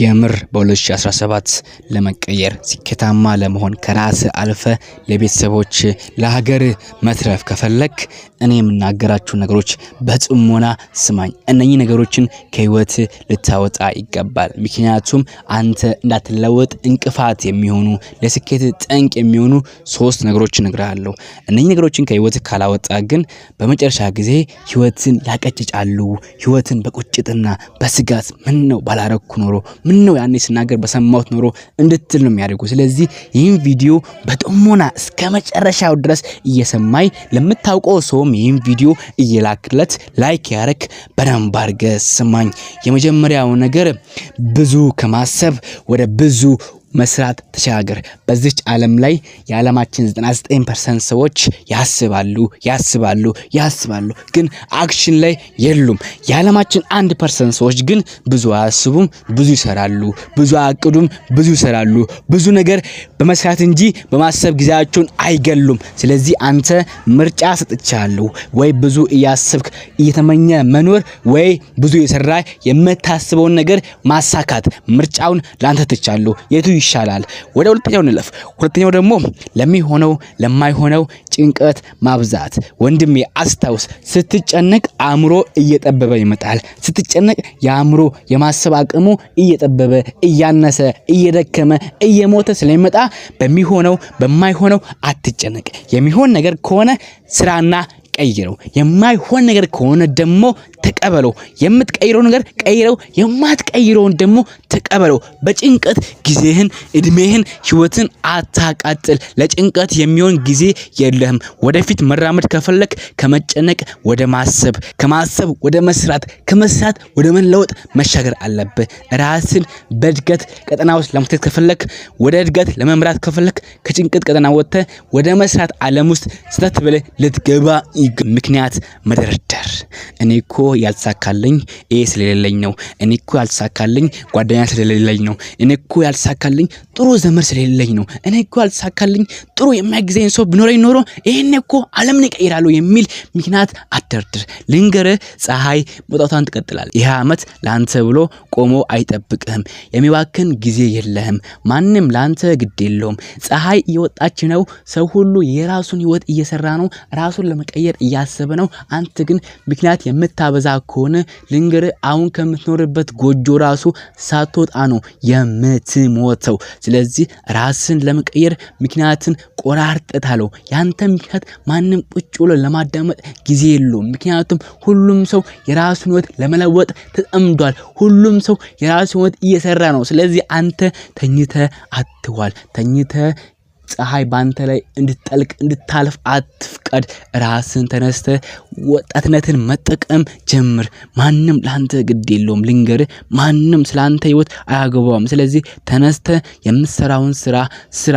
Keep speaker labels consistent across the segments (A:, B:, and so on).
A: የምር በ2017 ለመቀየር ስኬታማ ለመሆን ከራስ አልፈ ለቤተሰቦች ለሀገር መትረፍ ከፈለክ እኔ የምናገራችሁ ነገሮች በጥሞና ስማኝ። እነኚህ ነገሮችን ከህይወት ልታወጣ ይገባል። ምክንያቱም አንተ እንዳትለወጥ እንቅፋት የሚሆኑ ለስኬት ጠንቅ የሚሆኑ ሶስት ነገሮች እነግርሃለሁ። እነኚህ ነገሮችን ከህይወት ካላወጣ ግን በመጨረሻ ጊዜ ህይወትን ያቀጭጫሉ። ህይወትን በቁጭትና በስጋት ምን ነው ባላረኩ ኖሮ ምን ነው ያኔ ስናገር በሰማሁት ኖሮ እንድትል ነው የሚያደርጉ። ስለዚህ ይህን ቪዲዮ በጥሞና እስከ መጨረሻው ድረስ እየሰማኝ ለምታውቀው ሰውም ይህን ቪዲዮ እየላክለት ላይክ ያረክ በደንብ አድርገህ ስማኝ። የመጀመሪያው ነገር ብዙ ከማሰብ ወደ ብዙ መስራት ተሸጋገር። በዚች ዓለም ላይ የዓለማችን 99% ሰዎች ያስባሉ ያስባሉ ያስባሉ፣ ግን አክሽን ላይ የሉም። የዓለማችን አንድ ፐርሰንት ሰዎች ግን ብዙ አያስቡም፣ ብዙ ይሰራሉ፣ ብዙ አያቅዱም፣ ብዙ ይሰራሉ። ብዙ ነገር በመስራት እንጂ በማሰብ ጊዜያቸውን አይገሉም። ስለዚህ አንተ ምርጫ ሰጥቻለሁ ወይ ብዙ እያስብክ እየተመኘ መኖር ወይ ብዙ የሰራ የምታስበውን ነገር ማሳካት ምርጫውን ላንተ ትቻለሁ የቱ ይሻላል። ወደ ሁለተኛው እንለፍ። ሁለተኛው ደግሞ ለሚሆነው ለማይሆነው ጭንቀት ማብዛት። ወንድሜ አስታውስ፣ ስትጨነቅ አእምሮ እየጠበበ ይመጣል። ስትጨነቅ የአእምሮ የማሰብ አቅሙ እየጠበበ እያነሰ እየደከመ እየሞተ ስለሚመጣ በሚሆነው በማይሆነው አትጨነቅ። የሚሆን ነገር ከሆነ ስራና ቀይረው። የማይሆን ነገር ከሆነ ደግሞ ተቀበለው። የምትቀይረው ነገር ቀይረው፣ የማትቀይረውን ደግሞ ተቀበለው። በጭንቀት ጊዜህን፣ እድሜህን፣ ህይወትን አታቃጥል። ለጭንቀት የሚሆን ጊዜ የለህም። ወደፊት መራመድ ከፈለክ ከመጨነቅ ወደ ማሰብ፣ ከማሰብ ወደ መስራት፣ ከመስራት ወደ መለወጥ መሻገር አለብህ። ራስን በእድገት ቀጠና ውስጥ ለመክተት ከፈለክ፣ ወደ እድገት ለመምራት ከፈለክ ከጭንቀት ቀጠና ወጥተ ወደ መስራት አለም ውስጥ ስተት ብለህ ልትገባ ምክንያት መደርደር እኔ እኮ ያልተሳካልኝ ይሄ ስለሌለኝ ነው። እኔ እኮ ያልተሳካልኝ ጓደኛ ስለሌለኝ ነው። እኔ እኮ ያልተሳካልኝ ጥሩ ዘመድ ስለሌለኝ ነው። እኔ እኮ ያልተሳካልኝ ጥሩ የሚያግዘኝ ሰው ብኖረኝ ኖሮ ይህን እኮ ዓለምን እቀይራለሁ የሚል ምክንያት አደርድር ልንገርህ፣ ፀሐይ መውጣቷን ትቀጥላል ይህ ዓመት ለአንተ ብሎ ቆሞ አይጠብቅህም። የሚባክን ጊዜ የለህም። ማንም ለአንተ ግድ የለውም። ፀሐይ እየወጣች ነው። ሰው ሁሉ የራሱን ህይወት እየሰራ ነው። ራሱን ለመቀየር እያሰበ ነው። አንተ ግን ምክንያት የምታበዛ እንደዛ ከሆነ ልንገር፣ አሁን ከምትኖርበት ጎጆ ራሱ ሳትወጣ ነው የምትሞተው። ስለዚህ ራስን ለመቀየር ምክንያትን ቆራርጠታለው። ያንተ ምክንያት ማንም ቁጭ ብሎ ለማዳመጥ ጊዜ የለውም። ምክንያቱም ሁሉም ሰው የራሱን ህይወት ለመለወጥ ተጠምዷል። ሁሉም ሰው የራሱን ህይወት እየሰራ ነው። ስለዚህ አንተ ተኝተ አትዋል። ተኝተ ፀሐይ በአንተ ላይ እንድትጠልቅ እንድታልፍ አትፍ ፈቃድ ራስን ተነስተ ወጣትነትን መጠቀም ጀምር። ማንም ለአንተ ግድ የለውም። ልንገር፣ ማንም ስለ አንተ ህይወት አያገባውም። ስለዚህ ተነስተ የምትሰራውን ስራ ስራ።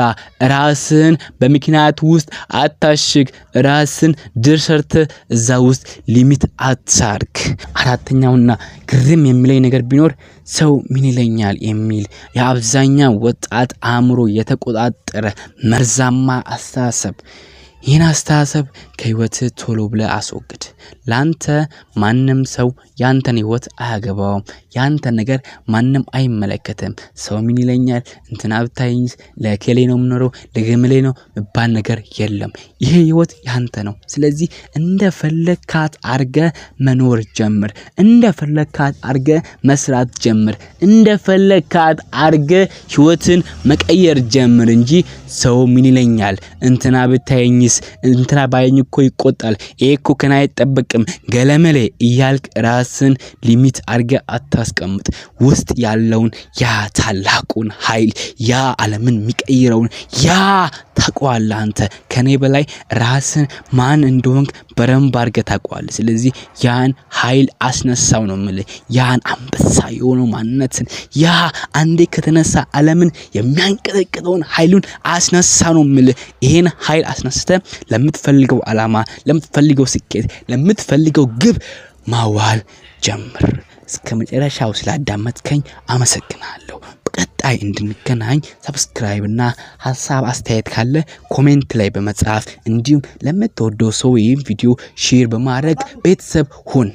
A: ራስን በምክንያት ውስጥ አታሽግ። ራስን ድር ሰርተህ እዛ ውስጥ ሊሚት አትሳርክ። አራተኛውና ግርም የሚለኝ ነገር ቢኖር ሰው ምን ይለኛል የሚል የአብዛኛው ወጣት አእምሮ የተቆጣጠረ መርዛማ አስተሳሰብ ይህን አስተሳሰብ ከህይወት ቶሎ ብለ አስወግድ። ላንተ ማንም ሰው ያንተን ህይወት አያገባውም። ያንተን ነገር ማንም አይመለከትም። ሰው ምን ይለኛል፣ እንትና ብታይኝ ለኬሌ ነው የምኖረው፣ ለገመሌ ነው ምባል ነገር የለም። ይሄ ህይወት ያንተ ነው። ስለዚህ እንደፈለግካት አርገ መኖር ጀምር። እንደፈለግካት አርገ መስራት ጀምር። እንደፈለግካት አርገ ህይወትን መቀየር ጀምር እንጂ ሰው ምን ይለኛል፣ እንትና ብታይኝ ቢስ እንትና ባይኝ እኮ ይቆጣል፣ ይሄ እኮ ከና አይጠበቅም ገለመሌ እያልክ ራስን ሊሚት አድርገ አታስቀምጥ። ውስጥ ያለውን ያ ታላቁን ኃይል ያ ዓለምን የሚቀይረውን ያ ታውቀዋለህ አንተ ከኔ በላይ ራስን ማን እንደሆንክ በረንብ አድርገ ታውቀዋለህ። ስለዚህ ያን ኃይል አስነሳው ነው ምል ያን አንበሳ የሆነው ማንነትን ያ አንዴ ከተነሳ ዓለምን የሚያንቀጠቅጠውን ኃይሉን አስነሳ ነው ምል ይሄን ኃይል አስነስተ ለምትፈልገው ዓላማ፣ ለምትፈልገው ስኬት፣ ለምትፈልገው ግብ ማዋል ጀምር። እስከ መጨረሻው ስላዳመጥከኝ አመሰግናለሁ። በቀጣይ እንድንገናኝ ሰብስክራይብና ሀሳብ አስተያየት ካለ ኮሜንት ላይ በመጻፍ እንዲሁም ለምትወደው ሰው ይህም ቪዲዮ ሼር በማድረግ ቤተሰብ ሁን።